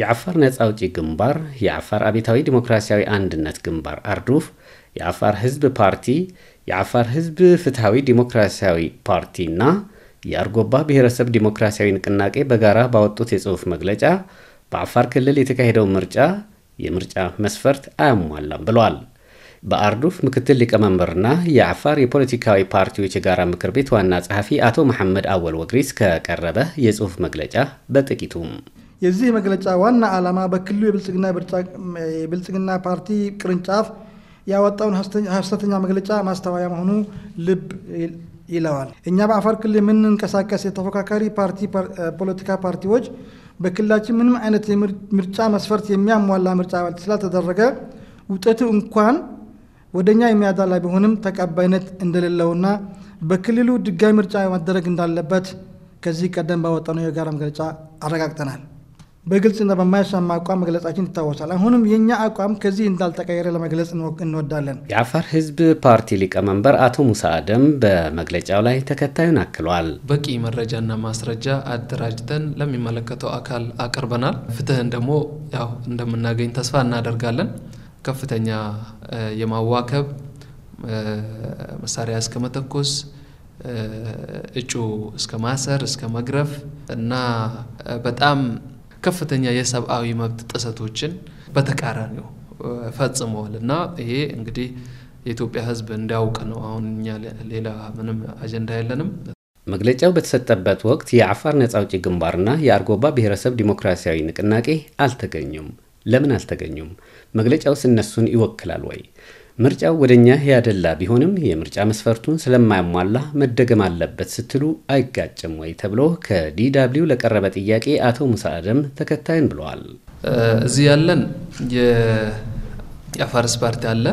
የአፋር ነጻ አውጪ ግንባር፣ የአፋር አቤታዊ ዲሞክራሲያዊ አንድነት ግንባር አርዱፍ፣ የአፋር ህዝብ ፓርቲ፣ የአፋር ህዝብ ፍትሐዊ ዲሞክራሲያዊ ፓርቲና የአርጎባ ብሔረሰብ ዲሞክራሲያዊ ንቅናቄ በጋራ ባወጡት የጽሑፍ መግለጫ በአፋር ክልል የተካሄደው ምርጫ የምርጫ መስፈርት አያሟላም ብለዋል። በአርዱፍ ምክትል ሊቀመንበርና የአፋር የፖለቲካዊ ፓርቲዎች የጋራ ምክር ቤት ዋና ጸሐፊ አቶ መሐመድ አወል ወግሪስ ከቀረበ የጽሑፍ መግለጫ በጥቂቱም የዚህ መግለጫ ዋና ዓላማ በክልሉ የብልጽግና ፓርቲ ቅርንጫፍ ያወጣውን ሀሰተኛ መግለጫ ማስተዋያ መሆኑ ልብ ይለዋል። እኛ በአፋር ክልል የምንንቀሳቀስ የተፎካካሪ ፓርቲ ፖለቲካ ፓርቲዎች በክልላችን ምንም አይነት ምርጫ መስፈርት የሚያሟላ ምርጫ ስላልተደረገ ውጤቱ እንኳን ወደኛ የሚያዳላ ቢሆንም ተቀባይነት እንደሌለውና በክልሉ ድጋሚ ምርጫ መደረግ እንዳለበት ከዚህ ቀደም ባወጣነው የጋራ መግለጫ አረጋግጠናል። በግልጽና በማያሻማ አቋም መግለጻችን ይታወሳል። አሁንም የእኛ አቋም ከዚህ እንዳልተቀየረ ለመግለጽ እንወዳለን። የአፋር ሕዝብ ፓርቲ ሊቀመንበር አቶ ሙሳ አደም በመግለጫው ላይ ተከታዩን አክሏል። በቂ መረጃና ማስረጃ አደራጅተን ለሚመለከተው አካል አቅርበናል። ፍትህን ደግሞ ያው እንደምናገኝ ተስፋ እናደርጋለን። ከፍተኛ የማዋከብ መሳሪያ እስከ መተኮስ እጩ እስከ ማሰር እስከ መግረፍ እና በጣም ከፍተኛ የሰብአዊ መብት ጥሰቶችን በተቃራኒው ፈጽመዋል እና ይሄ እንግዲህ የኢትዮጵያ ሕዝብ እንዲያውቅ ነው። አሁን እኛ ሌላ ምንም አጀንዳ የለንም። መግለጫው በተሰጠበት ወቅት የአፋር ነጻ አውጪ ግንባርና የአርጎባ ብሔረሰብ ዲሞክራሲያዊ ንቅናቄ አልተገኙም። ለምን አልተገኙም? መግለጫውስ እነሱን ይወክላል ወይ? ምርጫው ወደኛ ያደላ ቢሆንም የምርጫ መስፈርቱን ስለማያሟላ መደገም አለበት ስትሉ አይጋጭም ወይ ተብሎ ከዲዳብሊው ለቀረበ ጥያቄ አቶ ሙሳ አደም ተከታይን ብለዋል። እዚህ ያለን የአፋርስ ፓርቲ አለ፣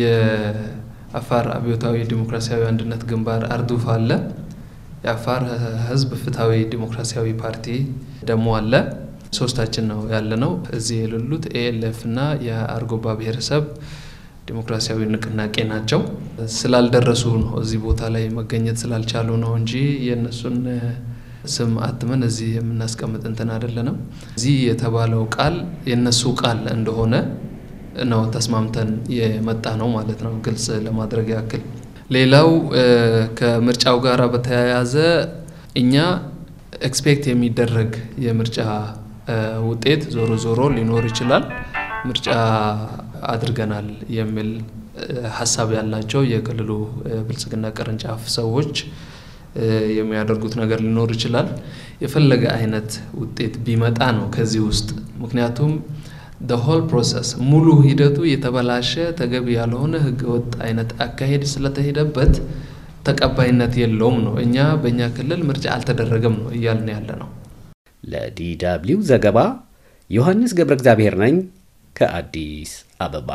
የአፋር አብዮታዊ ዲሞክራሲያዊ አንድነት ግንባር አርዱፍ አለ፣ የአፋር ህዝብ ፍትሐዊ ዲሞክራሲያዊ ፓርቲ ደግሞ አለ። ሶስታችን ነው ያለነው። እዚህ የሌሉት ኤኤልኤፍ እና የአርጎባ ብሔረሰብ ዲሞክራሲያዊ ንቅናቄ ናቸው። ስላልደረሱ ነው እዚህ ቦታ ላይ መገኘት ስላልቻሉ ነው እንጂ የእነሱን ስም አትመን እዚህ የምናስቀምጥ እንትን አይደለንም። እዚህ የተባለው ቃል የእነሱ ቃል እንደሆነ ነው ተስማምተን የመጣ ነው ማለት ነው፣ ግልጽ ለማድረግ ያክል። ሌላው ከምርጫው ጋር በተያያዘ እኛ ኤክስፔክት የሚደረግ የምርጫ ውጤት ዞሮ ዞሮ ሊኖር ይችላል ምርጫ አድርገናል የሚል ሀሳብ ያላቸው የክልሉ ብልጽግና ቅርንጫፍ ሰዎች የሚያደርጉት ነገር ሊኖር ይችላል። የፈለገ አይነት ውጤት ቢመጣ ነው ከዚህ ውስጥ ምክንያቱም the ፕሮሰስ ሙሉ ሂደቱ የተበላሸ ተገቢ ያልሆነ ህገወጥ አይነት አካሄድ ስለተሄደበት ተቀባይነት የለውም ነው። እኛ በእኛ ክልል ምርጫ አልተደረገም ነው እያልን ያለ ነው። ለዲ ደብልዩ ዘገባ ዮሐንስ ገብረ እግዚአብሔር ነኝ። ከአዲስ አበባ